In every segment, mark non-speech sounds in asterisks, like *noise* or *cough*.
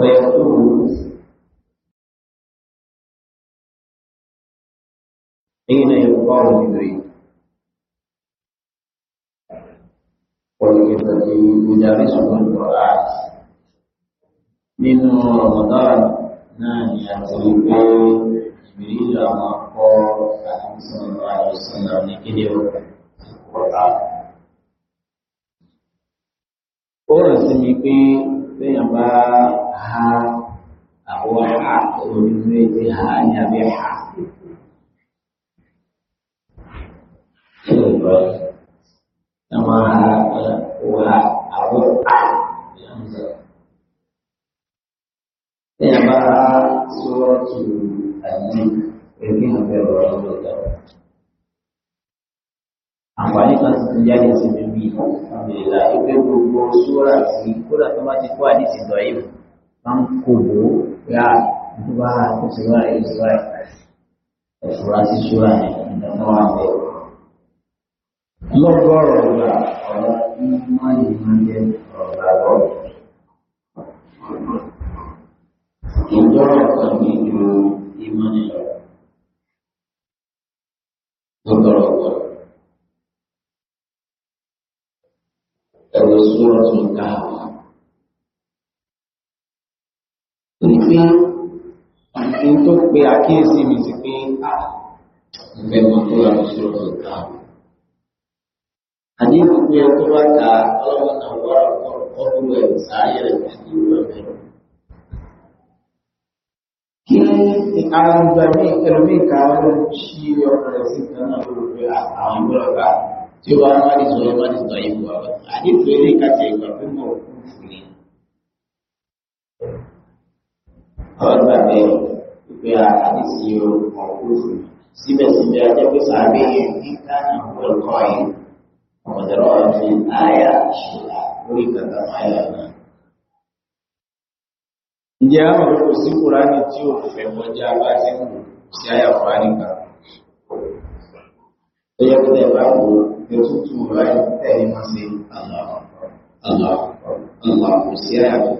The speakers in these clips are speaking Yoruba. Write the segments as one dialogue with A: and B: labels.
A: ويخطبه حين يقال جبريل والكتاب يدرسه القرآن من رمضان نانية جبريل ما قال صلى الله عليه وسلم لكنه القرآن ó rẹ̀ sí mi pé bẹ́ẹ̀ apa ha àwọn kan yìí alhamdulillah ìgbé gbogbo sóra sí kódà tó bá ti kó àdìsí lọ yìí máa ń kó bò ó yá tó bá tó ti wá èyí tó wá ẹ̀fúra sí sóra yẹn ìdáná wà bẹ́ẹ̀. lọ́gọ́rọ̀ gbà ọ̀rọ̀ tí wọ́n lè máa jẹ ọ̀rọ̀ gbàgbọ́. ìjọ́rọ̀ kan ní ìlú Suratul Kahf. Nígbà ní tó pe àkíyèsí mi sí pé ìfẹ́ mọ̀ tó wà ní Suratul Kahf. Àdínú pé ẹkọ́ bá ka ọlọ́run náà wà ọdún ẹ̀ sáyé rẹ̀ sí ìwé mẹ́rin. Kí àgbà ní ẹlòmíkà ọlọ́run ṣí ọkọ̀ rẹ̀ sí ìtàn náà lórí àwọn ìgbọ́lọ́gbà. tí wàá wá ní sọ̀rọ̀ wá ní sọ̀rọ̀ yìí wà wá àdìsọ ilé kàtẹ ìgbà pé mọ̀ òkú fún ni. ọ̀rọ̀ gbà pé pípẹ́ àdìsí ọkọ̀ òkú fún mi síbẹ̀síbẹ̀ ajẹ́pẹ́ sàbẹ̀ yẹn ní káàkiri ọ̀pọ̀ ẹ̀kọ́ yìí ọ̀dọ̀rọ̀ ti àyà ṣùgbà lórí kàkà máyà náà. ǹjẹ́ àwọn olùkọ́ sí kúránì tí ò fẹ́ kọjá bá ti ń sí àyà kúránì ó yẹ kó tẹ̀ bá wò ó ètùtù rẹ̀ ẹ̀yìn máa ṣe aláàbò sí àyàbò.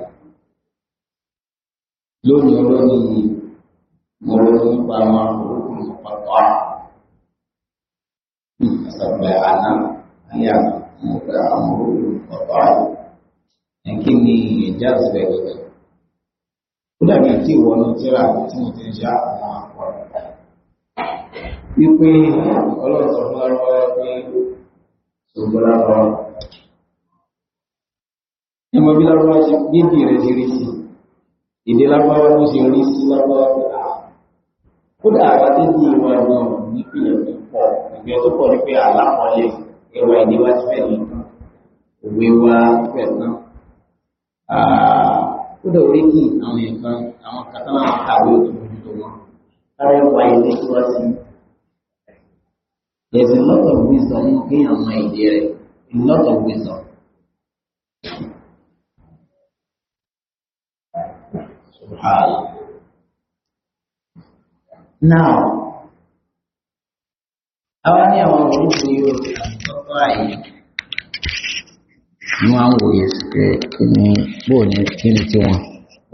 A: Lónìí olónìí mo rọ nípa àwọn àkókò pàpà àṣàbẹ̀ àná ayé àkókò àwọn olókò pàpà yìí. Kí ni ìjà ìṣẹ̀lẹ̀ gẹ̀gẹ̀? Ó dàbí kí ìwọ ní tíra tí mo ti ń ṣe àwọn àpọ̀ wípé ọlọ́sọ̀ sọ̀gbọ́láwà ẹmọ bí lábáwá ṣe gbédì rẹ̀ ṣe rí sí èdè lábáwá ló ṣe rí sí lábáwá pé à kódà àgbà tó di ìwà náà ní pìlẹ̀ tó pọ̀ ìgbẹ́ tó pọ̀ ní pé àlápọ̀lẹ̀ ẹwà èdè wa ti fẹ́ ní òwe wa fẹ́ tán kódà orí kì àwọn nǹkan àwọn kàtàlà àwọn kàwé òtún ojú tó wọn káyọ̀ wáyé lẹ́síwájú There's a lot of wisdom in King of my dear. A lot of wisdom. Subhanallah. Now, àwọn ní àwọn orúkọ yóò àtọ́kọ́ àyè ní wọ́n wòye pé kí ni bóò ní kí ni tí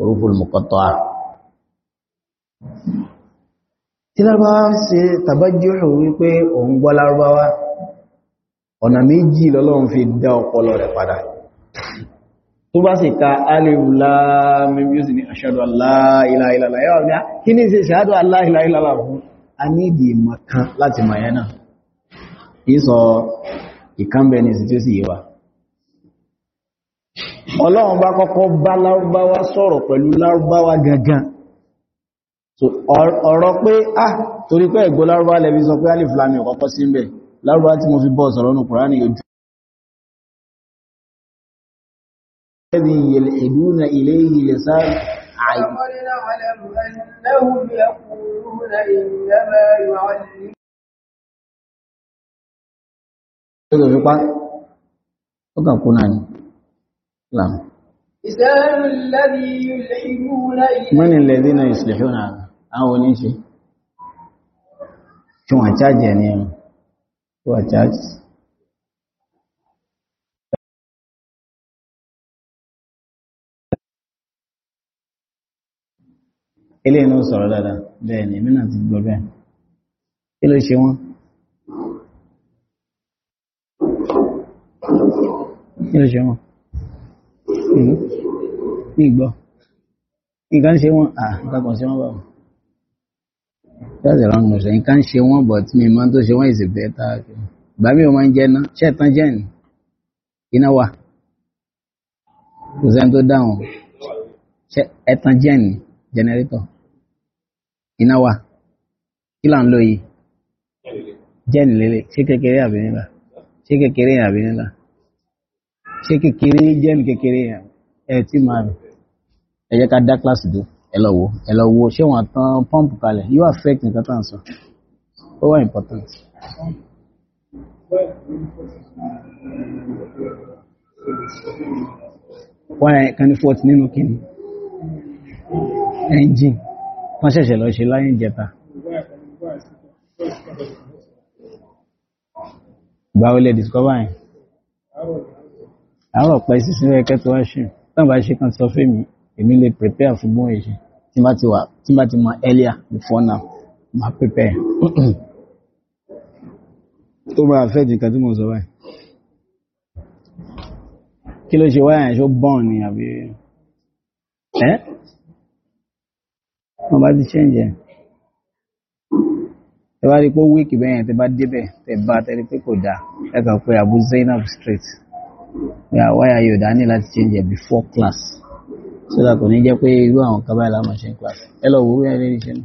A: orúkọ mọ̀kọ́tọ́ à tí
B: lárúbáwá ń ṣe tàbájúhù wípé òun gbọ́ lárúbáwá ọ̀nà méjì lọ́lọ́run fi dá ọpọlọ rẹ̀ padà tó bá sì ka alif lam ní ashhadu an la ilaha illallah yọ́ ọ̀gá kí ní ṣe ashhadu an la ilaha illallah fún mayana ìsọ ìkánbẹ̀ ní tí ó sì yíwa ọlọ́run bá kọ́kọ́ bá lárúbáwá so ọ̀rọ̀ pé ah
A: torí pé ẹ̀gbọ́ lárúbá lẹ́bí sọ pé alif lami ọ̀kọ́kọ́ sí mẹ́ lárúbá tí mo fi bọ́ sọ̀rọ̀ ní kùránì ojú ẹ̀bí ìdúnà ilé ilẹ̀ sáà من الذين يصلحون
B: عنه àwọn oníṣe
A: kí wọ́n chájì ẹni ẹ̀rùn kí wọ́n chájì ilé inú sọ̀rọ̀ dáadáa bẹ́ẹ̀ ni mínà ti gbọ́ bẹ́ẹ̀ kí ló ṣe wọ́n kí ló ṣe wọ́n ní ìgbọ́
B: nǹkan ṣe wọ́n à nǹkan wọ́n báwọn that's the wrong You nǹkan ṣe one, but me máa to ṣe one is a better ìgbà me, ò máa ń jẹ́ ná ṣé ẹ̀tàn jẹ́ ni iná wà down. Chat and dáhùn ṣé ẹ̀tàn jẹ́ ni generator iná wà kí là ń lò yìí jẹ́ Check lélẹ̀ ṣé kékeré Check nílà ṣé kékeré àbí nílà ṣé kékeré jẹ́ ni kékeré ẹ̀ tí máa rẹ̀ ẹ jẹ́ ká dá ẹ lọ wo ẹ lọ wo ṣé wọn tán pọ́ǹpù kalẹ̀ yóò affect nǹkan tá à ń sọ ó wà important. wọ́n yẹn kan ní fort nínú kìíní engine wọ́n ṣẹ̀ṣẹ̀ lọ ṣe láyé ìjẹta. ìgbà wo lè discover yẹn àárọ̀ pẹ́ sísìn rẹ̀ kẹ́tọ́ wá ṣe náà bá ṣe kan sọ fún mi èmi lè prepare fún bóyá ṣe tí bá ti wà tí bá ti mọ̀ earlier before now ma prepare tó bá fẹ́ jì kan tí mo sọ báyìí kí ló ṣe wáyà ẹ̀ ṣó bọ́n ni àbí ẹ́ wọ́n bá ti change ẹ̀ tẹ bá rí pé wíìkì bẹ́yẹn tẹ bá débẹ̀ tẹ bá tẹ rí pé kò dáa ẹ kàn pé Abu Zainab straight wáyà yóò dá ní láti change ẹ̀ before class sílá kò ní jẹ́ pé irú àwọn kan báyìí láàmà ṣe ń class ẹ lọ wúrú ẹni ní ṣẹ́nu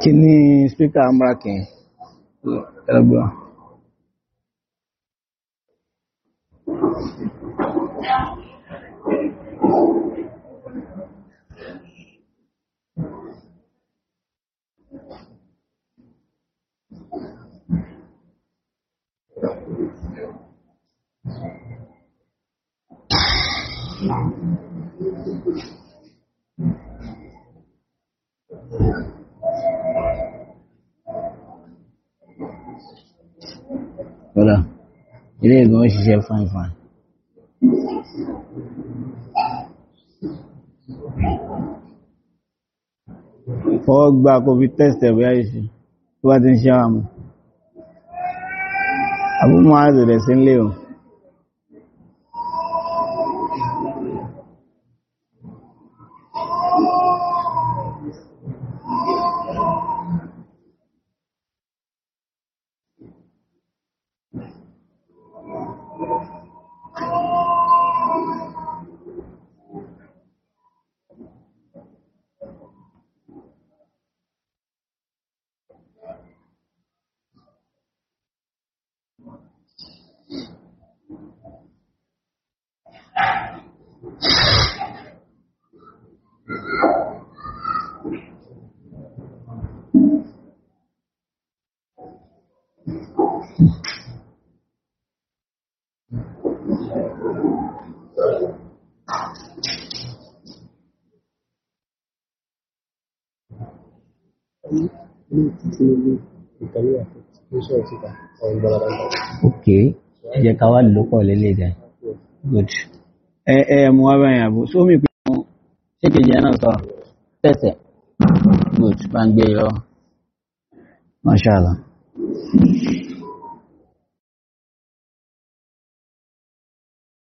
B: kí ní speaker amrakin ẹlọgbọ́n Thank you. Kọ́lá, ilé ìgbọ́n ṣiṣẹ́ fáìfáì. Fọ́ gba COVID test ẹ̀bí àìsí tó bá ti ń ṣe àmù. Àbúmọ̀ àdìrẹ̀ sí ń lè ok jẹ́ ká wá lò pọ̀ lélẹ̀ dẹ̀ good ẹ ẹ mú wá báyìí àbò sómi pé wọn ṣé kejì ẹ náà sọ tẹsẹ̀
A: good bá ń gbé yọ mashallah.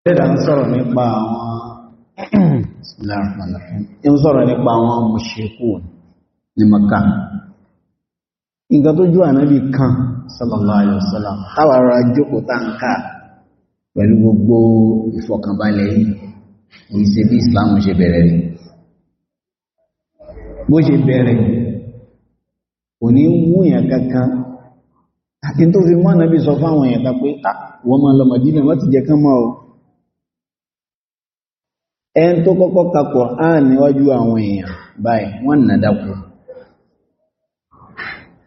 A: Tẹ́lá ń sọ̀rọ̀ nípa àwọn ń sọ̀rọ̀ nípa àwọn mọ̀ṣẹ́kù
B: ní Maka. Nǹkan tó jú ànábì kan sallallahu alaihi wasallam táwa rọra jókòó tá ń kà pẹ̀lú gbogbo ìfọkànbalẹ̀ yìí
A: èyí ṣe bí islam ṣe bẹ̀rẹ̀ rí
B: bó ṣe bẹ̀rẹ̀ kò ní wúyàn kankan àti tó fi mọ́ ànábì sọ fáwọn èèyàn ta pé ah, wọ́n máa lọ Mádínà wọ́n ti jẹ kán mọ́ o ẹn tó kọ́kọ́ ka Kùránì níwájú àwọn èèyàn báyìí wọ́n nà dákú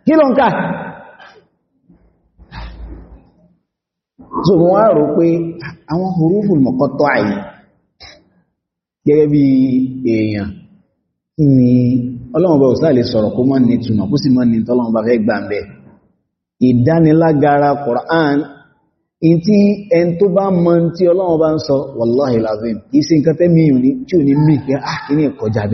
B: kí ló ń kà so mo wá rò pé àwọn huruful mọ̀kọ́tọ́ àyè gẹ́gẹ́ bí èèyàn ni ọlọ́run bá òsìlá lè sọ̀rọ̀ kó mọ́ ní túnmọ̀ kó sì mọ́ ní tọ́lọ́run bá fẹ́ gbà ń bẹ̀ ìdánilágara Qur'an in tí ẹn tó bá mọ́ tí ọlọ́run bá ń sọ wallahi lazim kìí sí nǹkan tẹ́mí ní mí pé á kì ní ìkọjá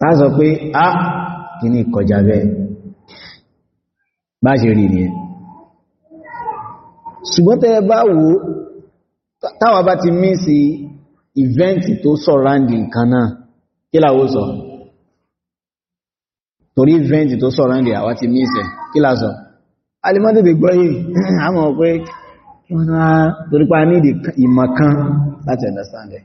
B: tá sọ pé a kì ní kọjá bẹ́ẹ̀ bá ṣe rí ní ẹ ṣùgbọ́n tẹ́ bá wo táwa bá ti mí sí ìvẹ́ntì tó sọ̀ráǹdì nǹkan náà kí làwó sọ torí ìvẹ́ntì tó sọ̀ráǹdì àwa ti mí sẹ kí là sọ alimọ́dẹ̀dẹ̀ gbọ́yìn àmọ́ pé wọ́n náà torípa ní ìmọ̀ láti understand it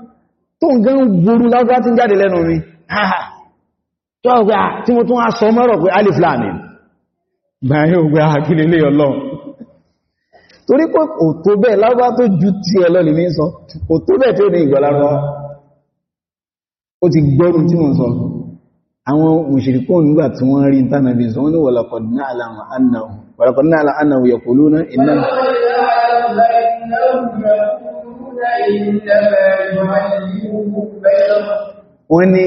A: tó ń gẹ́ ń gbòrú lágbà tí ń jáde lẹ́nu mi tó ọgbà tí mo tún á sọ mọ́rọ̀
B: pé aliflami báyìí ó gbà kílélé ọlọ́run torí pé kò tó bẹ́ẹ̀ lágbà tó ju ti ọlọ́lì ní sọ kò tó bẹ́ẹ̀ tó ní ìgbọ́lágbà ó ti gbọ́rùn tí mo sọ àwọn òṣìríkọ́ nígbà tí wọ́n rí ìtànàbí sọ wọ́n ní walaqad na'lamu annahu walaqad na'lamu annahu yaquluna Wọ́n ní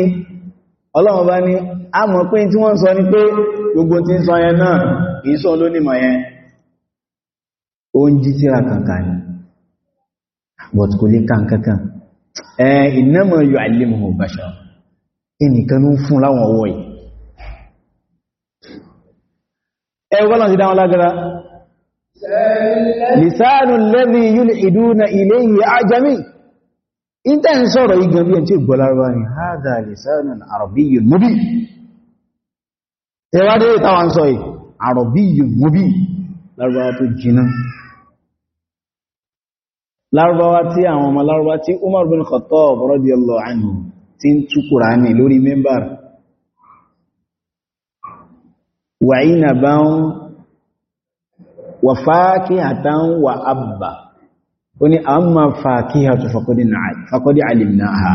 B: ọlọ́run bá ní a mọ̀ pé tí wọ́n sọ ní pé gbogbo tí ń sọ yẹn náà ìsọ ló nímọ̀ yẹn ó ń jí tíra kankan ni but kò lè kàn kankan ẹ ìnámọ̀ yóò alìmọ̀ bàṣà ẹnìkan ń fún láwọn ọwọ́ yìí ẹ wọ́n lọ́n ti dáwọn lágbára lisanu lẹ́bí yulhiduna ilayhi ajami in tẹ́ ń sọ̀rọ̀ igan bí ẹn tí gbọ́larwa ni haza lisanu arabiyyun mubin tẹwàá dé ìtawà ń sọ yìí arabiyyun mubin lárúbáwá tó jiná lárúbáwá tí àwọn ọmọ lárúbá tí umar bin khattab radiyallahu anhu tí ń tú kùránì lórí mẹ́mbàr wa'inaban wa fakihatan wa abba oni amma fakihatu faqadi faqadi alimnaha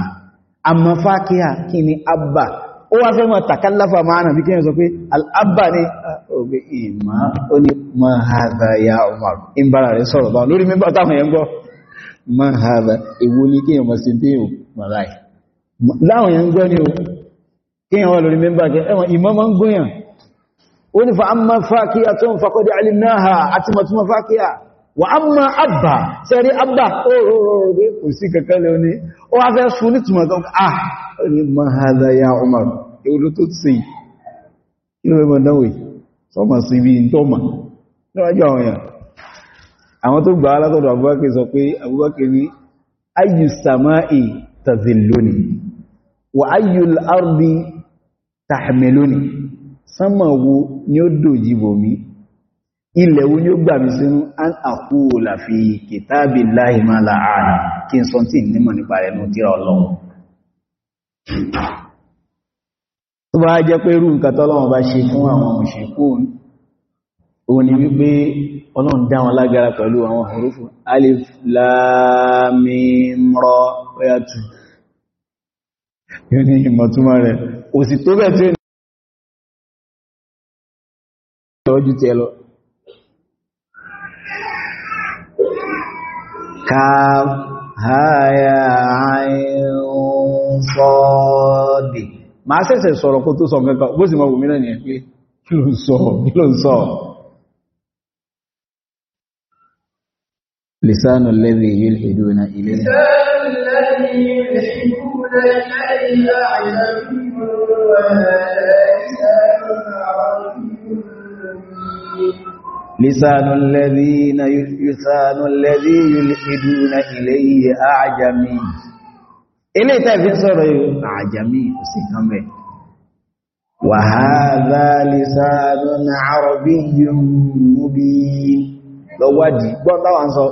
B: amma fakiha kíni abba ó wá fẹ́ ma takallafa maana bí kíni sọ pé al abba ni o ah, be ima oni ma hadha ya umar in bara re sọ̀rọ̀ ba lórí mi ba ta yen go ma hadha èwo ni kíni mo sin pe o malai láwọn yẹn gbọ́ ni o kíyàn wà lórí mẹ́mbà jẹ́ ẹwọ̀n ìmọ́ máa ń gbóyàn ó ní fa'amma fàkíyà tó ń fàkọ́dí alìnáha àti mọ̀túnmọ̀ fàkíyà wà amma abba sẹ́rí abba oòrùn kò sí kẹkẹrẹ ní ó wá fẹ́ sún ní túnmọ̀ tán ah ní mahada ya umar ewu tó ti inú ẹmọ náwó sọmọ sánmọ̀ wo ni ó dòjì bòmí ilẹ̀ wo ni ó gbà mí sínú an àkúwò làfi kìtàbí láìmá láàárín kí n sọ tí nímọ̀ nípa rẹ̀ ní tíra ọlọ́run tó bá jẹ́ pé irú nǹkan tọ́lọ́run bá ṣe fún àwọn òṣèkún òun ni wípé ọlọ́run dá wọn lágara pẹ̀lú àwọn hurufu alif láàmìmọ́ ọyàtù
A: yóò ní ìmọ̀túnmọ̀ rẹ̀ òsì tó bẹ̀ tí ju tiẹ̀ lọ kaf haya ayin
B: sọ́ọ̀dì máa ṣẹ̀ṣẹ̀ sọ̀rọ̀ kó tó sọ kankan bó sì mọ̀ wùmí náà nìyẹn pé
A: kí ló ń sọ kí ló ń sọ
B: لسان الذي يلحدون إليه لسان الذي يلحدون لسان الذين يسان الذي يلحدون إليه أعجمي ilé tẹ́fí sọ̀rọ̀ yóò àjàmí kò sí kan bẹ̀ wàhálà lìsáàdù ní àrọ̀bí yóò bí lọ́wádìí gbọ́ táwà ń sọ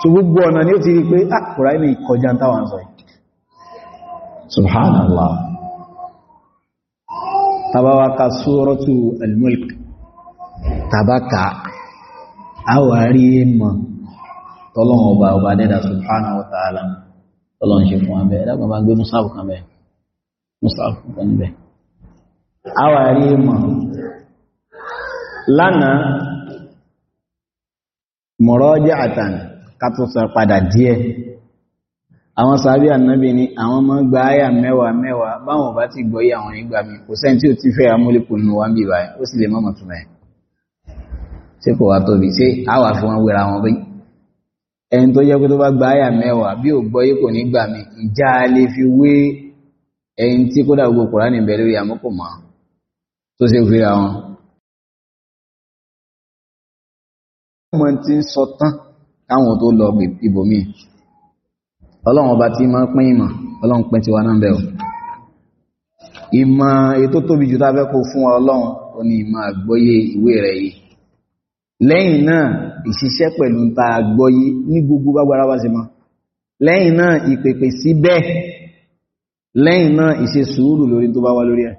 B: tó gbogbo ọ̀nà ni ó ti rí pé àkùrá ah, ní ìkọjá táwà ń sọ
A: subhanallah
B: tabawa ka suratu al-mulk tàbákà àwà rí mọ̀ tọ́lọ́wọ̀n ọba ọba dẹ́dà subhanahu wa ta'ala tọ́lọ́wọ̀n ṣe fún abẹ́ ẹ̀dàgbà bá gbé musafu kan bẹ́ musafu kan bẹ́ àwà rí mọ̀ lánàá mọ̀rọ̀ jẹ́ àtàn kátọ́sọ padà díẹ̀ àwọn sàábí ànábì ni àwọn máa gba àyà mẹ́wàá mẹ́wàá báwọn bá ti gbọ́ yí àwọn ìgbà mi kò sẹ́ni tí ti fẹ́ amúlékùnrin wa ń báyìí ó sì lè mọ́mọ̀ ṣé kò wá tóbi ṣé àwà fi wọn wéra wọn bí ẹni tó jẹ́ pé tó bá gba àyà mẹ́wàá bí ò gbọ́ yìí kò ní gbà mí ìjà
A: lè fi wé ẹni tí kódà gbogbo kùránì bẹ̀ lórí àmọ́kò mọ́ tó ṣe wéra wọn. ọmọ tí ń sọ tán káwọn tó lọ ibòmíì ọlọ́run ọba tí máa pín
B: ìmọ̀ ọlọ́run pín tiwa náà bẹ̀ o ìmọ̀ ètò tóbi jù tá a fẹ́ kó fún ọlọ́run ó ní ìmọ̀ àgbọ́yé ìwé rẹ̀ yìí lẹ́yìn náà ìṣiṣẹ́ pẹ̀lú ta àgbọ́yé ní gbogbo gbágbára wá sí ma lẹ́yìn náà ìpèpè sí bẹ́ẹ̀ lẹ́yìn náà ìṣe sùúrù lórí tó bá wá lórí ẹ̀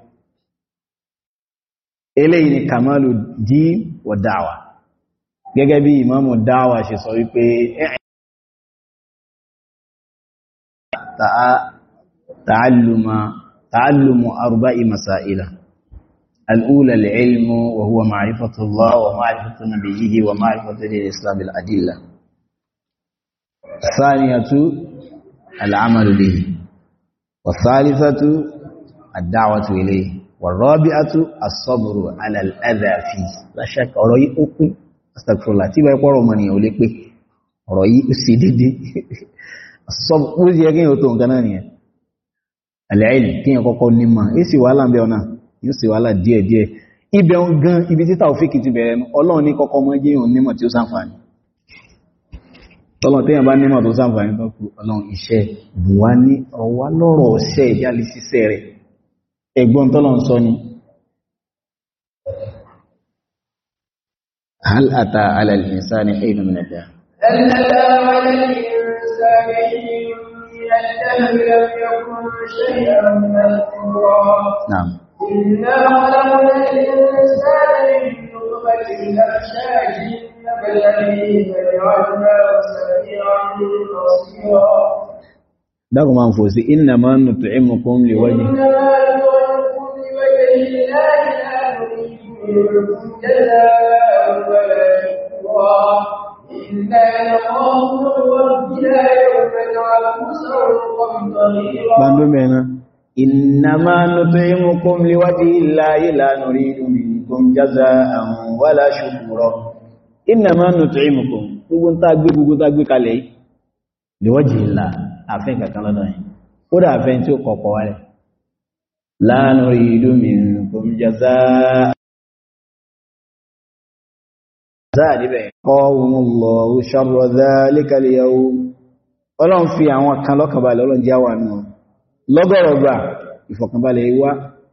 A: eléyìí ni kàmálù dí wa gẹ́gẹ́ bí ìmáàmù dáwà ṣe sọ wípé ta'alluma ta'allumu arba'i masaila
B: الأولى العلم وهو معرفة الله ومعرفة نبيه ومعرفة الإسلام بالأدلة الثانية العمل به والثالثة الدعوة إليه والرابعة الصبر على الأذى فيه لا شك أرأي أقول أستغفر الله تبا يقول رماني أوليك أرأي أسيدي الصبر أريد يكين يوتون كنانية العلم كين يقول نما إيسي وعلا بيونا yóò sì wálà díẹ̀díẹ̀ ibẹ̀ ń gan ibi tí tàòfíkì ti bẹ̀rẹ̀ ọlọ́run ní kọ́kọ́ mọ́ jẹ́ òun nímọ̀ tí ó sáǹfààní tọ́lọ̀ bá nímọ̀ tó sáǹfààní tó kú ọlọ́run iṣẹ́ buwa
A: على الإنسان حين من نعم إنا خلقنا الإنسان من نطفة أمشاج نبليه فجعلناه سميعا بصيرا رغم
B: أنفسي إنما نطعمكم لوجه
A: إنما نطعمكم لوجه الله لا نريد منكم جزاء ولا شكورا إنا نخاف من ربنا يوما عبوسا
B: قمطريرا إنما نطعمكم لوجه الله لا نريد منكم جزاء ولا شكورا إنما نطعمكم gbogbo ń tá gbé gbogbo tá gbé kalẹ̀ yìí lèwọ́jì ìlà àfẹ́ kankan lọ́dọ̀ yìí
A: ó dà àfẹ́ tí ó kọ̀kọ̀ wá rẹ̀ la nuridu minkum jazaa níbẹ̀ qawmullahu sharra dhalika
B: lọ́gọ́rọ̀gbà ìfọ̀kànbalẹ̀ wá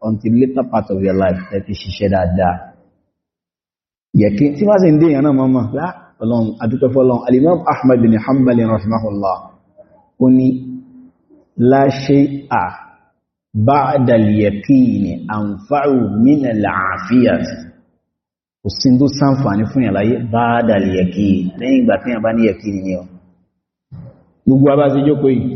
B: until later part of your life ẹ ti
A: ṣiṣẹ́ dáadáa
B: yẹ̀kí tí wá sí ń dé ìyànà mọ́mọ́ láàrín adúpẹ́fọ́ lọ́n alimam ahmad bin hanbali rahimahullah la shay'a ba'da al anfa'u min al-'afiyati kò sí tó sáǹfàní fún ìyàláyé ba'da al-yaqini lẹ́yìn ìgbà tí yàn gbogbo abá sí jókòó yìí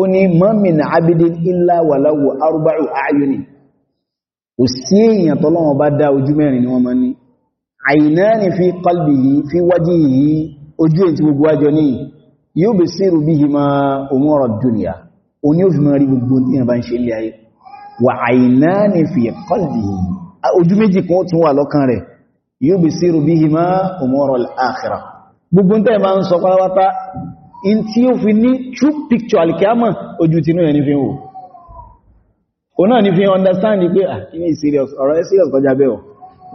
B: ó ní mọ́mìnà abidin ilá wàláwò arúbáru ayuni kò sí èèyàn tọ́lọ́wọ́ bá dá ojú mẹ́rin ni wọ́n mọ́ ní àìná ni fi kọlbì yìí fi wájí yìí ojú èyí tí gbogbo wájọ ní yóò bè sírù bí hìmá òmúrọ̀ dúnìyà o ní ó fi gbogbo tí yẹn bá ń ṣe ilé ayé wà àìná ni fi kọlbì yìí ojú méjì kan tún wà lọ́kàn rẹ̀ yóò bè sírù bí hìmá òmúrọ̀ àkìrà gbogbo tẹ́ bá ń sọ pátápátá in tí ó fi ní true picture alkiyama ojú tinú ẹni fi wò o náà ní fi understand pé ah kí serious ọ̀rọ̀ ẹ serious kọjá bẹ́ẹ̀ o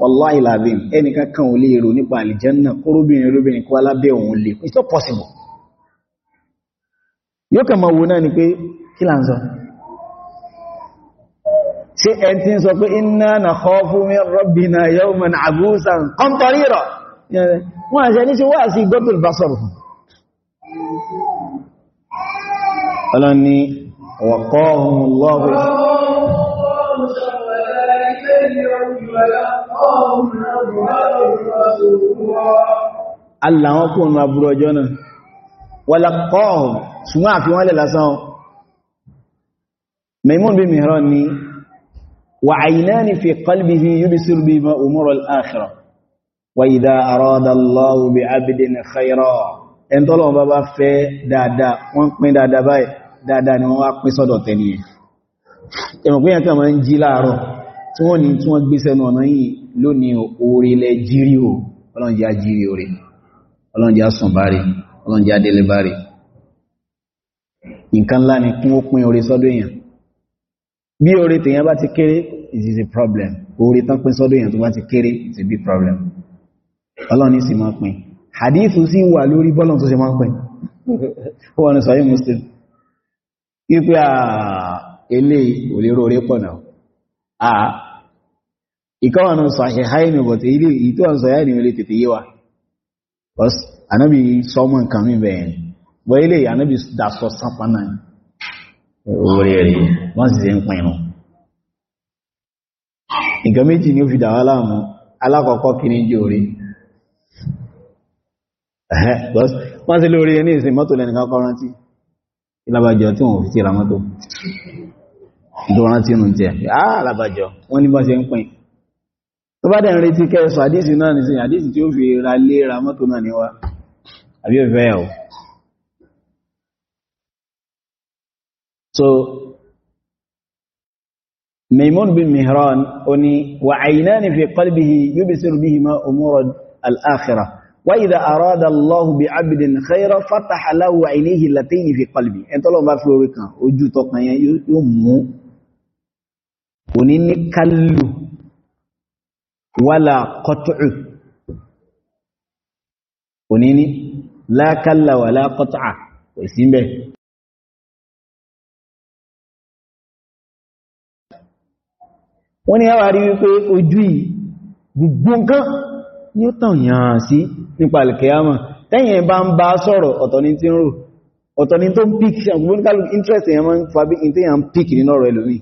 B: wallahi lazim ẹnìkan kan ò lè èrò nípa àlìjẹ́nà kóróbìnrin olóbìnrin kó alábẹ́ òun lè it's not possible yóò kàn máa wo náà ni pé kí là ń sọ ṣe ẹn tí ń sọ pé inna nakhafu min rabbina yawman abusan qamtarira wọ́n àṣẹ ní ṣe wá sí gbọ́tùl basọ̀rọ̀ fún الاني وقاهم الله الله اكبر ما برو جنا ولا قاهم سمع في ولا لسان ميمون بن مهران وعينان في قلبه يبصر بما امر الاخره واذا اراد الله بعبد خيرا ẹni tọ́lọ́run bá bá fẹ́ dáadáa wọ́n pín dáadáa báyìí dáadáa ni wọ́n wá pín sọ́dọ̀ tẹni ẹ̀ ẹ̀mọ̀ pé ẹ̀kàn máa ń jí láàárọ̀ tí wọ́n ní tí wọ́n gbé sẹ́nu ọ̀nà yìí lónìí orílẹ̀ jírí o ọlọ́run jẹ́ jírí orí ọlọ́run jẹ́ sùn bá rí ọlọ́run jẹ́ adélé bá rí nǹkan ńlá ni kún ó a problem orí tán big problem ọlọ́run ní sì máa pín hadithu sí wà lórí bọ́lọ̀ tó ṣe máa ń pẹ̀ wọ́n sọ yí muslim ipé à ilé olérò orí pọ̀ náà à ìkọ́wọ̀nà sọ àṣẹ̀háìmì bọ̀tẹ̀ ilé ìtò àṣọ yáìní olè tètè yíwa anábi sọmọ nǹkan mi bẹ̀yẹn bọ́ ilé anábi dasọ sápánà orí méjì ni ó fi dà wá láàmú alákọ̀ọ́kọ́ kiri jẹ́ orí wọ́n sí lórí ní ìsìn mọ́tò lẹ́nìkan kọ́ rántí ìlàbàjọ́ tí wọ́n fi ti ra mọ́tò tó rántí nù jẹ́ àlàbàjọ́ wọ́n ní bá ṣe ń pín tó bá dẹ̀ ń retí kẹsọ àdísì náà nìsìn àdísì tí ó fi ra lé ra náà níwá àbí ò fẹ́ ọ̀ so Maimun bin Mihran ó ní wà àìnáni fi qalbihi yubsiru bihima wa idha arada Allahu bi abdin khayra fataha lahu ainihi lati fi qalbi en tó lọ́n bá fi orí kan ojú tó kan yẹn yó mú oni ni kallu wala qat'u
A: oni ni la kalla wala qat'a kò sí ńbẹ̀ wọ́n ní wípé ojú yìí gbogbo nǹkan
B: ni ó tàn yàn sí nípa alkiyama tẹ́yìn bá ń bá sọ̀rọ̀ ọ̀tọ̀ ní tí ń rò ọ̀tọ̀ ní tó ń pík ṣàgbóníkàlù interest èyàn máa ń fàbí in tẹ́yàn pík nínú ọ̀rọ̀ ẹlòmí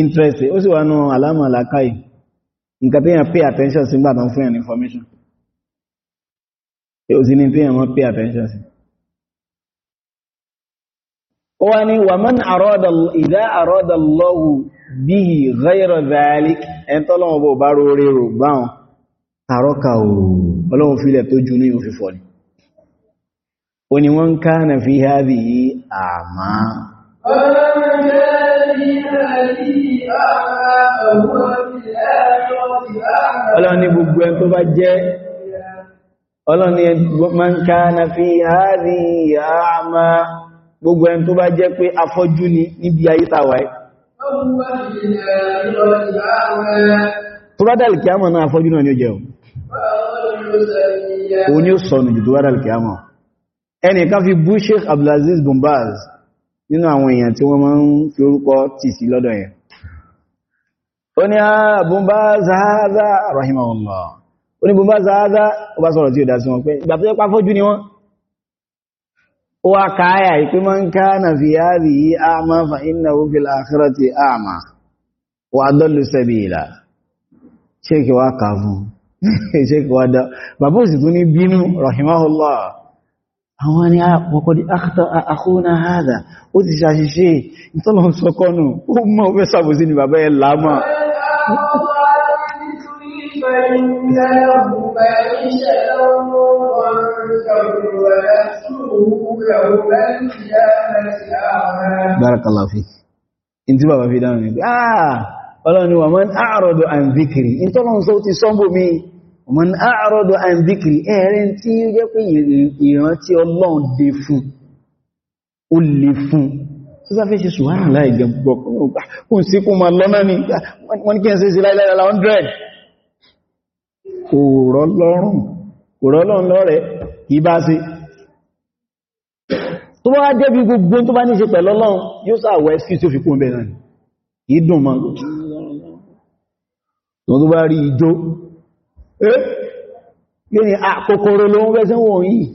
B: interest ó sì wà náà alámà àlàkáì nǹkan tẹ́yàn pay attention sí gbà tán fún yàn information ó sì ní tẹ́yàn máa pay attention sí ó wá ní wà mọ́n ìdá àrọ́dà lọ́wù bíi ghayra dhalik ẹ̀ntọ́lọ́wọ́ bá rò rí rò gbáhùn àrọ́kà ọlọ́run fílẹ̀ tó jú ní òfin fọ́lì o ni wọ́n ká na fi hábì yí àmá
A: ọlọ́run ní gbogbo ẹn tó bá jẹ́
B: ọlọ́run ni wọ́n na fi hábì yí àmá gbogbo ẹn tó bá jẹ́ pé afọ́jú ni níbi ayítàwàí tó bá dàlì kí á mọ̀ náà afọ́jú náà ni ó jẹun òun ni ó sọnù jù tó wádà lè kìámọ̀ ẹnìkan fi bú Sheikh Abdulaziz bin Baz nínú àwọn èèyàn tí wọ́n máa ń fi orúkọ tì sí lọ́dọ̀ yẹn ó ní ah, bin Baz hadha rahimahullah ó ní bin Baz hadha ó bá sọ̀rọ̀ na fi yáàrí yí àmà fa iná wúfil àkírọ̀tì àmà wà dọ́lù sẹ́bìlá ṣe kí wá *laughs* ṣe kọwàdá bàbá òsì tún ní bínú rahimahullah àwọn ni àpọ̀kọ́ ah, di akhuna hadha ó ti ṣàṣìṣe ìtọ́lọ̀ sọkọ́nù ó mọ́ ó fẹ́ sàbòsí ni bàbá ẹ lámà barakallahu fi in ti bàbá fi dáhùn ní pé ah ọlọ́ni wà mọ́n àárọ̀dọ̀ àǹdíkìrì in tó lọ́n sọ ti sọ́mbò mi mọ́n àárọ̀dọ̀ àǹdíkìrì ẹ̀rin tí ó jẹ́ pé ìrántí ọlọ́run dé fún ó lè fún tó sáfẹ́ ṣe ṣùgbọ́n aláìgbẹ̀gbọ́ kún sí kún ma lọ́nà ní wọ́n kí ẹ ṣe sí láìláìlá 100 kò rọ́ lọ́rùn lọ́rẹ̀ ìbá sí tó bá débi gbogbo tó bá ní ṣe pẹ̀lọ́lọ́run yóò sáà wẹ́ sí tí ó fi kún wọ́n tó bá rí ijó eh kí ni à kòkòrò ló ń fẹ́sẹ̀ wọ̀n yìí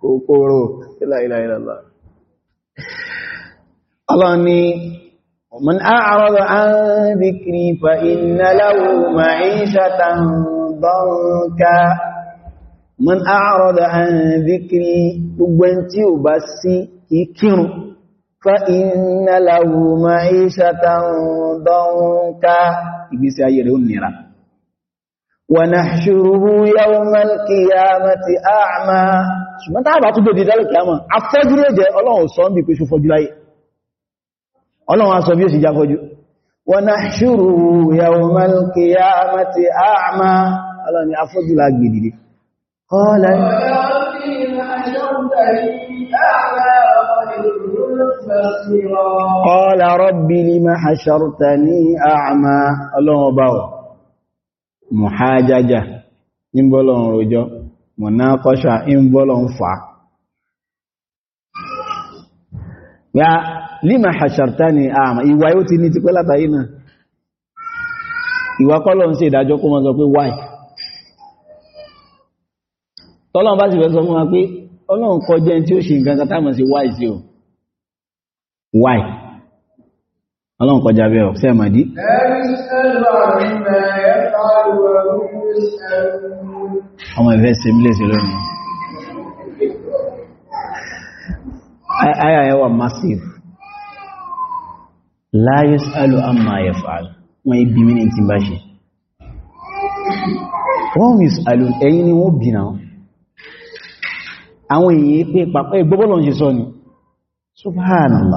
B: kòkòrò ìlàìlàìlàlà ọlọ́ni man a'rada an dhikri fa inna lahu ma'ishatan danka man a'rada an gbogbo tí ò bá sí ìkírun fa inna lahu ma'ishatan danka ìgbésí ayé rẹ̀ ó nira wa nahshuruhu yawmal qiyamati a'ma ṣùgbọ́n tàbà tó dòdì dálẹ̀ kìyàmà afọ́jú lè jẹ́ ọlọ́run sọ ń bí pé ṣe fọ́jú láyé ọlọ́run aṣọ bí ó sì jáfọ́jú wa Qala rabbi lima hashartani a'ma ọlọ́run ọba ọ̀. Mùhájájá ní bọ́lọ̀ rojọ́, mùnákọ́ṣà in bọ́lọ̀ ń fà. Ya lima hashartani a'ma, ìwà yóò ti ní ti pẹ́ látàrí náà. Ìwà kọ́lọ̀ ń ṣe ìdájọ́ kó mọ́ sọ pé why ọlọ́run kọjá bẹ́ẹ̀ ọ̀sẹ́ ẹ̀mọ̀dí ọmọ ìfẹ́ sí ilé sí lónìí ayà ẹwà massive la yus'alu amma yaf'al wọ́n ibi mí ní tí bá ṣe wọ́n yus'alu ẹ̀yìn ni wọ́n bì náà àwọn èyí pé pàpẹ́ ìgbọ́bọ́lọ́ Subhanallah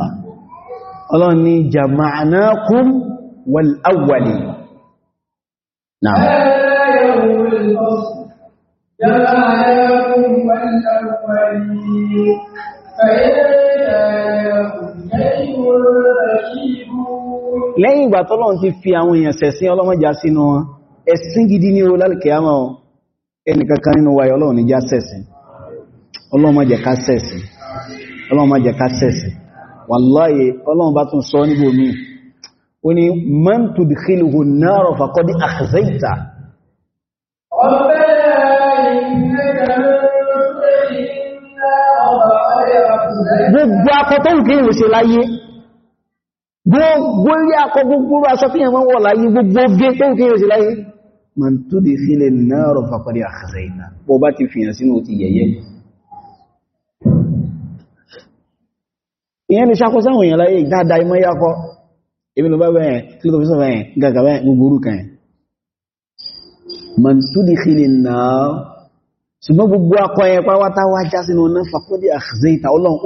B: ọlọ́run ní jama'anakum wal awwali náà lẹ́yìn ìgbà tọ́lọ́run ti fi àwọn èèyàn sẹ̀sìn ọlọ́mọjá sínú wọn ẹ̀sìn gidi ní olálìkẹ́ àmà ẹnìkankan nínú wáyé ọlọ́run ní já sẹ̀sìn ọlọ́mọjẹ̀ ká sẹ̀sìn ọlọ́mọjẹ̀ ká sẹ̀sìn wàláyé ọlọ́run bá tún sọ níbò mí ó ní man tudkhiluhu an-nara faqad akhzayta
A: gbogbo akọ̀tọ́ ìkẹ́ ìwò ṣe láyé
B: gbogbo ilé akọ gbogbo aṣọ tí yẹn wọ́n láyé gbogbo gé tó ìkẹ́ ìwò ṣe láyé man tudkhiluhu an-nara faqad akhzayta ìyẹn lè ṣakọ́ sáwọn èèyàn láyé dáadáa imọ́ yákọ́ èmi ló bá bẹ́ẹ̀ tí ló fi sọ bẹ́ẹ̀ gàgà bẹ́ẹ̀ gbogbo orúkà ẹ̀ mọ̀túdì kìlì náà ṣùgbọ́n gbogbo akọ ẹ̀ pátáwá já sínú náà fàkọ́dì àṣìṣẹ́ta ọlọ́run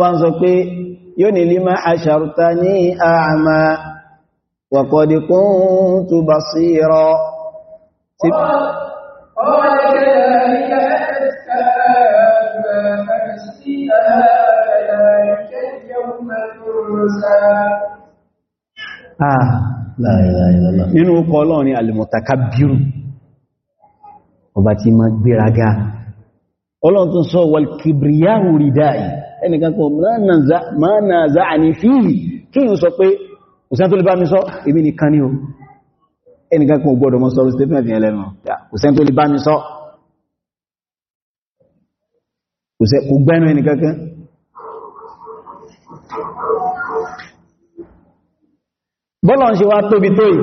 B: bá ń sọ pé yóò ní lima aṣàrùta ní àmà wàkọ̀dì kún tó bá sí rọ nínú ọkọ̀ ọlọ́rin alìmọ̀tàkàbírù ọba tí ma gbéraga ọlọ́run tún sọ wal kibriyahu ridai ẹnìkan kan ma na za a ní fíìrì kí yíò sọ pé òsìn tó lè bá mi sọ èmi nìkan ni o ẹnìkan kan gbọ́dọ̀ mọ́ sọ statement bọ́lọ̀ ń ṣe wá tóbi tó yìí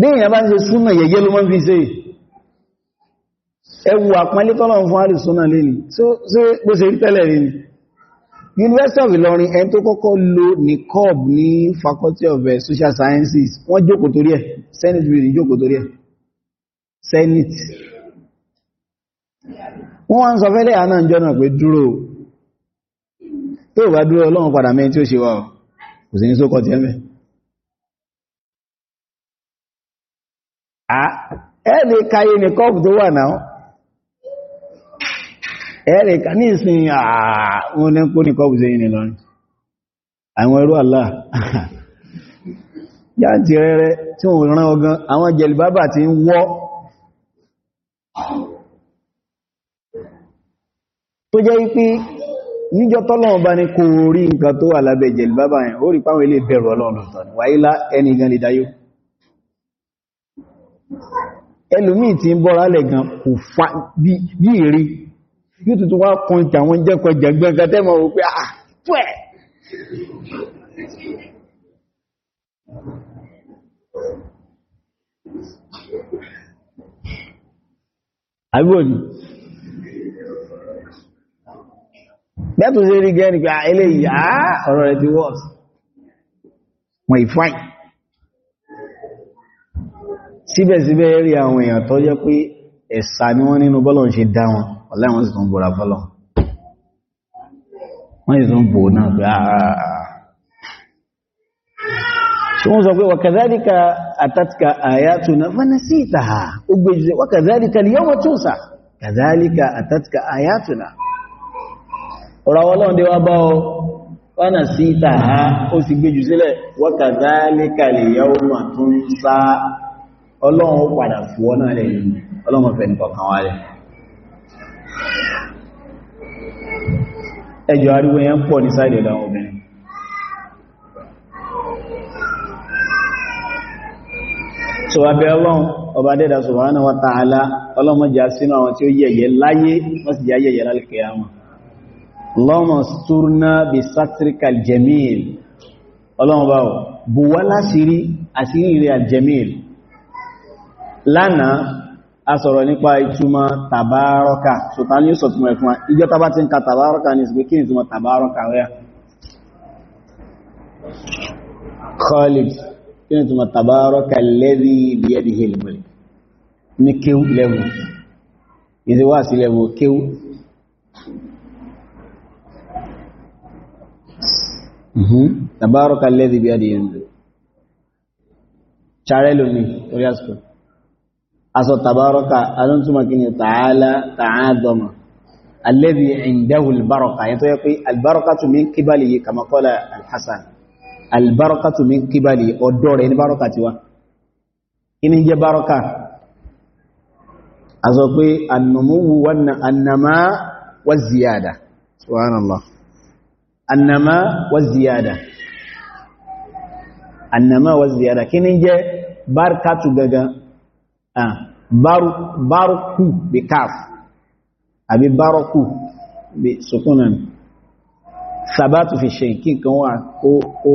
B: bí èyàn bá ń ṣe súnà yẹ̀yẹ́ ló mọ́ fi ṣe ẹwù àpọ́nlé tọ́lọ̀ fún àrí súnà lè ní ṣe bó ṣe rí tẹ́lẹ̀ rí ní University of Ilorin ẹni tó kọ́kọ́ lo nicob ní Faculty of eh, Social Sciences wọ́n jókòó torí ẹ̀ Senate building jókòó torí ẹ̀ Senate wọ́n wá ń sọ fẹ́lẹ̀ àná ìjọ náà pé dúró tó bá dúró Ọlọ́run padà mẹ́ tí ó ṣe wà kò sí ní sókọ̀ tí ẹ̀mẹ́ ẹ̀rẹ̀ káyé ní kọ́ọ̀fù tó wà náà ẹ̀rẹ̀ ká ní ìsìn àwọn onípo ní kọ́ọ̀fù sí ìrìn lọ́rin àwọn ẹrú àlá *laughs* yáǹtì rẹ̀rẹ̀ tí wọ́n rán ọgán àwọn jẹ̀lìbábà ti ń wọ́ tó jẹ́ wípé níjọ́ tọ́lọ́wọ́n bá ní kò rí nǹkan tó wà lábẹ́ jẹ̀lìbábà yẹn ó rí páwọn ilé bẹ̀rù ọlọ́run tọ̀ wáyé lá ẹni lè dáyó ẹlòmíì tí ń bọ́ra lẹ̀ gan kò fa bí ìrí yóò tuntun wá kan ìtàwọn jẹ́kọ jẹ̀gbẹ́ katẹ́mọ̀ wò pé
A: à pẹ́ àbíwọ̀dì
B: bẹ́tù sí rí gẹ́rì pé à ah, eléyìí àá ah, ọ̀rọ̀ rẹ̀ ti wọ́s wọ́n ìfáì síbẹ̀síbẹ̀ rí àwọn èèyàn tó jẹ́ pé ẹ̀sà ni wọ́n nínú bọ́lọ̀ ṣe dá wọn ọ̀lá wọ́n tún bòrà fọ́lọ̀ wọ́n sì tún bò náà pé àà ah, ah, ah, ṣe wọ́n sọ pé wàkàzárika àtàtìkà àyàtùnà fanasitaha ó gbé e jùlẹ̀ wàkàzárika ó sì gbé e jù sílẹ̀ ọlọ́run padà fúwọ́ náà lè ní ọlọ́run fẹ́ nìkọ̀kan wá rẹ̀ ẹjọ́ ariwo yẹn pọ̀ ní sáìdì ọ̀dá obìnrin so abẹ́ ọlọ́run ọba dẹ́dà subhanahu wa ta'ala ọlọ́run jà sínú àwọn tí ó yẹ̀yẹ̀ láyé wọ́n sì já yẹ̀yẹ̀ lálẹ́kẹ̀ẹ́mà lọ́mọ̀ stúrná bí sátrikal jẹ́míl ọlọ́run báwọ̀ bùwá láṣírí àṣírí rẹ̀ jẹ́míl lánàá a sọ̀rọ̀ nípa ìtumọ̀ tàbárọ́kà ṣùtà ní ìṣọ̀ túnmọ̀ ẹ̀fún ìjọ́ tàbá ti ń ka tàbárọ́kà ní ìsìnkú kí ìtumọ̀ tàbárọ́kà rẹ̀ khalid kí ìtumọ̀ tàbárọ́kà lẹ́rí ìbíyẹ́dì hìlmùlì ní kéw lẹ́wù ìdíwà sí lẹ́wù kéw tàbárọ́kà lẹ́rí ìbíyẹ́dì hìlmùlì charelo ni aṣọ tàbárọ́kà alóńtúmọ̀ kí ni tààlà tààdọ̀mà alẹ́bí ìndáwò albaraka yẹn tó yẹ pé albaraka tún mi kíbàlì yìí kama qala alhassan albaraka tún mi kíbàlì ọ̀dọ́ rẹ̀ ní baraka tiwa inú jẹ́ baraka a sọ pé annumuwu annama wa ziyada subhanallah annama wa ziyada annama wa ziyada kí ni jẹ́ baraka bárùkù bí káf àbí bárùkù bí sùkúnnà sàbátù fi ṣe kí kan wà ó ó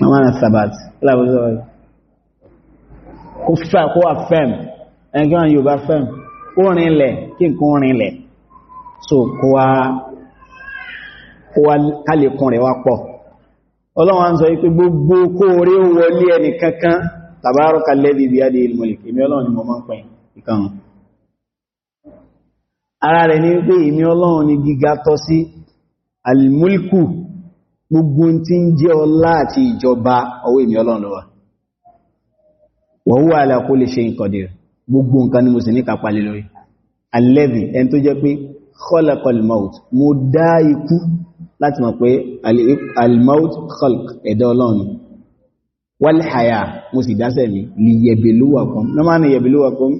B: mọ́mọ́nà sàbátù lábúrúsọ́wọ́ kó fà kó wà fẹ́m ẹgbẹ́ yóò bá fẹ́m ó rinlẹ̀ kí kan rinlẹ̀ so kó wá kálẹ̀kùn rẹ̀ wá pọ̀ ọlọ́wọ́n sọ ipé gbogbo kó orí wọlé ẹni kankan tàbárùkà lẹ́dì bí adé ilmọ̀lẹ̀kì èmi ọlọ́run ni mo máa ń pẹ̀ ìkan ara rẹ̀ ní pé èmi ọlọ́run ni gíga tọ́ sí alìmúlìkù gbogbo tí ń jẹ́ ọlá àti ìjọba ọwọ́ èmi ọlọ́run ló wà wa ni mo sì ní kápá lé lórí alẹ́bì ẹni maut mo láti mọ̀ pé almaut khalq ẹ̀dá ọlọ́run wàlhàyà mo sì dásẹ̀ mi lè yẹ̀bẹ̀lúwàkún náà máa ní yẹ̀bẹ̀lúwàkún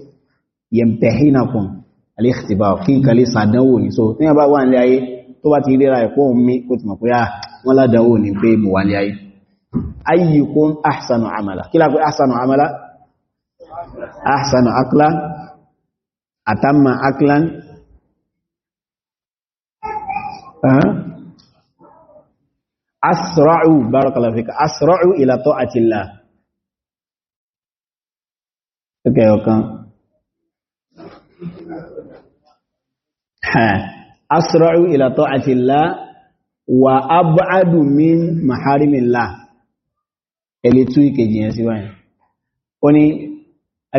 B: yẹ̀mpẹ̀hínàkún alẹ́kìtìbà kí n kalẹ̀ sàdánwò ní so ní àbá wà nílé ayé tó bá ti rírà ẹ̀kọ́ mi kó ti mọ̀ pé à ah, wọ́n ládánwò ní pé mo wà nílé ayé uh -huh asra'u barakallahu fika asra'u ila ta'atillah oke ọ̀kan asra'u ila ta'atillah wa ab'adu min maharimillah ẹni tú ìkejì yẹn sí báyìí ó ní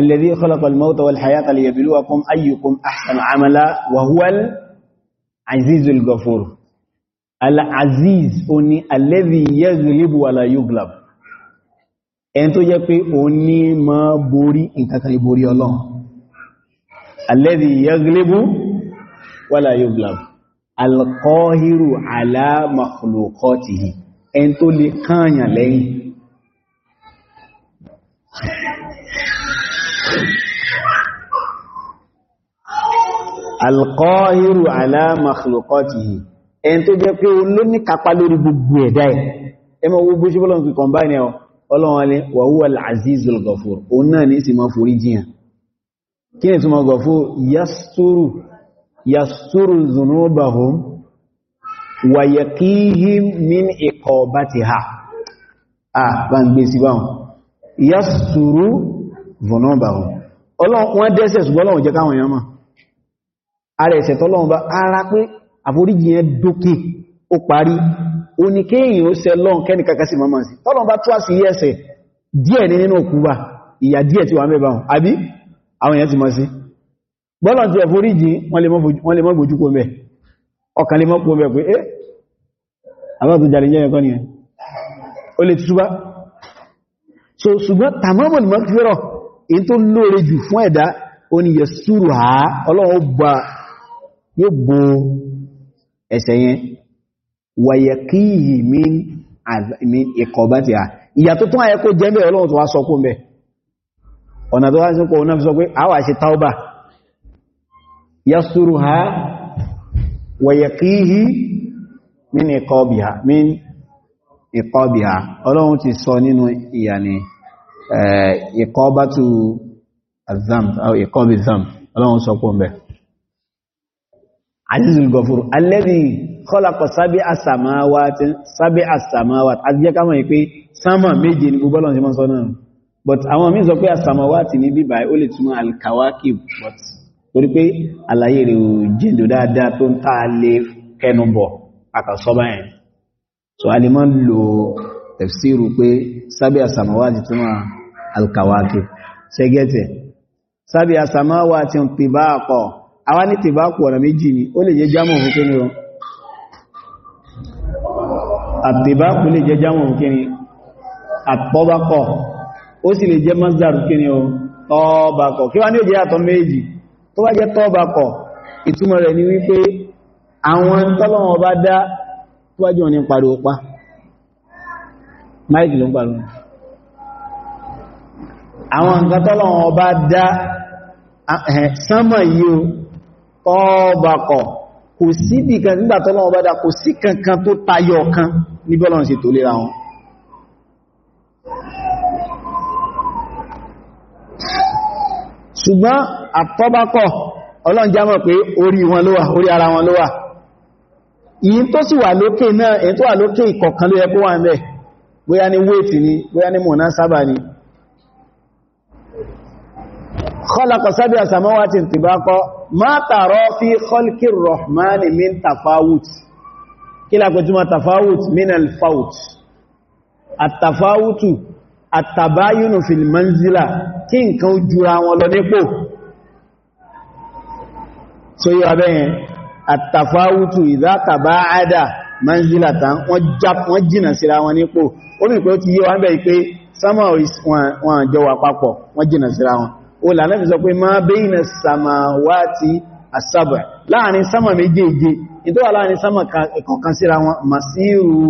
B: alladhi khalaqa al-mawta wal hayata liyabluwakum ayyukum ahsanu amala wa huwal azizul ghafur al-aziz o ni alladhi yaghlibu wala yughlab ẹni tó jẹ́ pé o ní ma borí nǹkankan ìborí ọlọ́run alladhi yaghlibu wala yughlab al-qahiru ala makhluqatihi ẹni tó lè káàyàn lẹ́yìn al-qahiru ẹn tó jẹ́ pé olóníkapa lórí gbogbo ẹ̀dá ẹ̀ ẹmọ owó bó ṣúgbọ́n lọ́nà kìkan báyìí ọ ọlọ́wọ́n alẹ́ wa huwa al-azizul ghafur òun náà ní ìsìnmọ́ forí jiyàn kí ni túnmọ̀ ghafur yasturu yasturu zunubahum wa yaqihim min iqabatiha à bá ń gbé sí àforíjì yẹn dókè ó parí ó ní kéèyàn ó sẹ lọ́n kẹ́ni kàkà sí mọ́mọ́ sí tọ́lọ́n bá tó àsì ẹsẹ̀ díẹ̀ ní nínú òkúwà ìyà díẹ̀ tí wà mẹ́bà wọn àbí àwọn èèyàn ti mọ́ sí bọ́lọ̀ ti àforíjì wọ́n lè mọ́ kó mẹ́ ọkàn lè mọ́ kó mẹ́ eh àbábù jàrí jẹ́ ẹ̀kọ́ nìyẹn ó so ṣùgbọ́n tamamun mọ́kírọ̀ èyí tó lóore jù fún ẹ̀dá ó ní yẹ súrù ẹ̀ṣẹ̀ yẹn wàyẹ̀kíyì min ìkọ̀ọ̀bá ti ha ìyà tó tún àyẹ́kó jẹ́ bẹ̀rẹ̀ ọlọ́run tó wá sọ kó mẹ́ ọ̀nà tó wá sí kó náà fi sọ pé àwà ṣe taubá yasuru ha wàyẹ̀kíyì min ìkọ̀ọ̀bí ha ọlọ́run ti sọ nínú eh, azam ọlọ́run sọ kó azizul gọfúrú alẹ́dì kọ́lápọ̀ sábí àsàmáwàtí sábí àsàmáwàtí àti jẹ́ káwọn ìpé sánmà méje ní gbogbo ọlọ́run sí mọ́ sọ́nà but àwọn mí sọ pé àsàmáwàtí ní bíbà ó lè túnmọ̀ alkawaki but torí pé àlàyé rẹ̀ jíndò dáadáa tó ń ta lè kẹnubọ̀ àkàsọ́bà yẹn so a lè mọ́ lò tafsiru pé sábí àsàmáwàtí túnmọ̀ alkawaki ṣẹgẹ́tẹ̀ sábí àsàmáwàtí ń pè bá àkọ́ àwọn ní tìbá kù ọ̀nà méjì ni ó lè jẹ́ jámọ̀ fún kí ni ọ àtìbá kù lè jẹ́ jámọ̀ fún kí ni àtọ́bákọ̀ ó sì lè jẹ́ masdar kí ni ọ tọ́bákọ̀ kí wá ní òjẹ́ àtọ́ méjì tó bá jẹ́ tọ́bákọ̀ ìtumọ̀ rẹ̀ ni wípé àwọn tọ́lọ́wọ́ bá dá sánmọ̀ yìí tọ́ọ̀bàkọ̀ kò sí bí kan nígbà tọ́lọ́wọ́ kò sí kankan tó tayọ kan ní bọ́lọ̀n sí tó lera wọn ṣùgbọ́n àtọ́bàkọ̀ ọlọ́run pé orí ara wọn ló wà tó sì wà lókè náà èyí tó wà lókè ìkọ̀kan ló yẹ kó wà ni bóyá ní ni خلق سبع سماوات طباقا ما ترى في خلق الرحمن من تفاوت كلا كجمع تفاوت من الفوت التفاوت التباين في المنزلة كين كان جرا ولنكو سيو أبين التفاوت إذا تباعد منزلة وجب وجنا سلا ونكو ومن كنت يوان بيكي سما وان جوا قاقو وجنا سلا ونكو olà náà fi sọ pé máa bẹ́ ìnà samawati asaba láàrin sama méjèèje ìtò wà láàrin sama kọ̀kan síra wọn masiru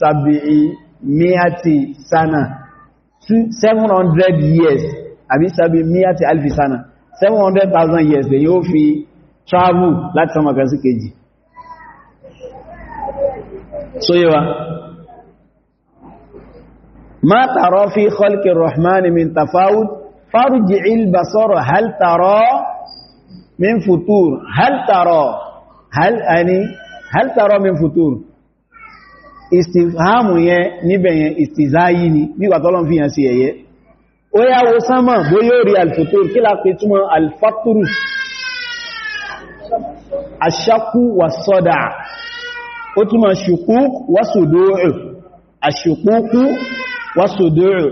B: sabi'i miati sana 700 years àbí sabi miati alfi sana 700,000 years lè yóò fi travel láti sama kan sí kejì so yíwa ma tàrọ fi khalqi rahmani min tafawud fárújì ìlbàsọ́rọ̀ háltàrọ́ min futur háltàrọ́ hálàní háltàrọ́ min futur istifhamu yẹn níbẹ̀ yẹn istizayi ni nígbà tọ́lọ́n fi yàn sí ẹ̀yẹ ó yá wo sánmà bó yóò rí alfutur kí lápé túnmọ̀ alfaturu aṣakú wa sọ́dà ó túnmọ̀ ṣùkú wa sùdúrù aṣùkúkú wa sùdúrù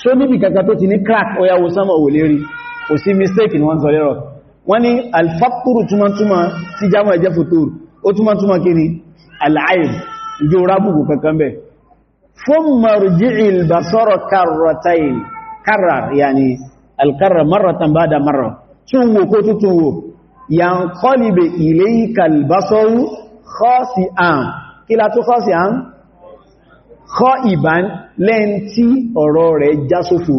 B: ṣó níbi kankan tó ti ní crack ọyàwó sánmà ò lérí kò sí mistake ni wọ́n sọ lẹ́rọ wọ́n ní alfakuru túmọ̀túmọ̀ tí jámọ̀ ẹ̀jẹ́ fòtòrò ó túmọ̀túmọ̀ kí ni al'aib ìjọ rábùkù kankan bẹ̀ fún marji'il basọ́rọ̀ karratain karrar yani alkarra marratan bá da marra tún kọ́ ìbán lẹ́n tí ọ̀rọ̀ rẹ̀ já sófò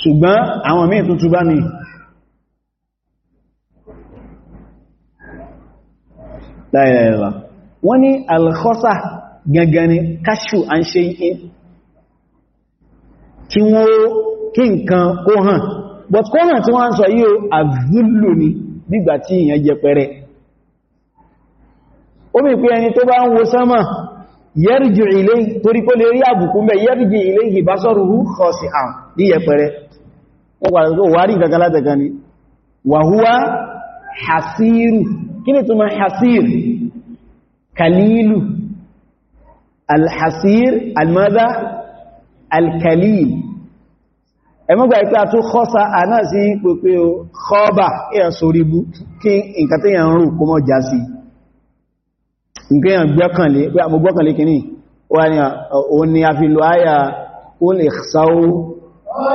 B: ṣùgbọ́n àwọn mí tuntun bá ní láìláìlá wọ́n ní alkhọ́sà gangan ni káṣù à ń ṣe yìí kí wọ́n kí nǹkan kó hàn but kó hàn tí wọ́n sọ yíò àzúlù ni nígbàtí ìyàn jẹ pẹ̀rẹ̀ ó bí pé ẹni tó bá ń wo sánmà yẹ́rìjì ilé torí kó lè rí àbùkú mẹ́ yẹ́rìjì ilé ìbá sọ́rùhú kọ̀ọ̀sì àm ní yẹpẹrẹ wàrí gagaladaga ni wàhúwá hasiru kí ni túnmà hasir kalilu alhasir almada alkalil ẹmọ́gbà ikú àtún kọ́sà àná sí pẹ̀pẹ̀ kọ́ọ̀bà ẹ̀yà ìgbéyàn gbọ́kànlé pé àmúgbọ́kànlé
A: kìíní wà ní a fi lo áyà sáwó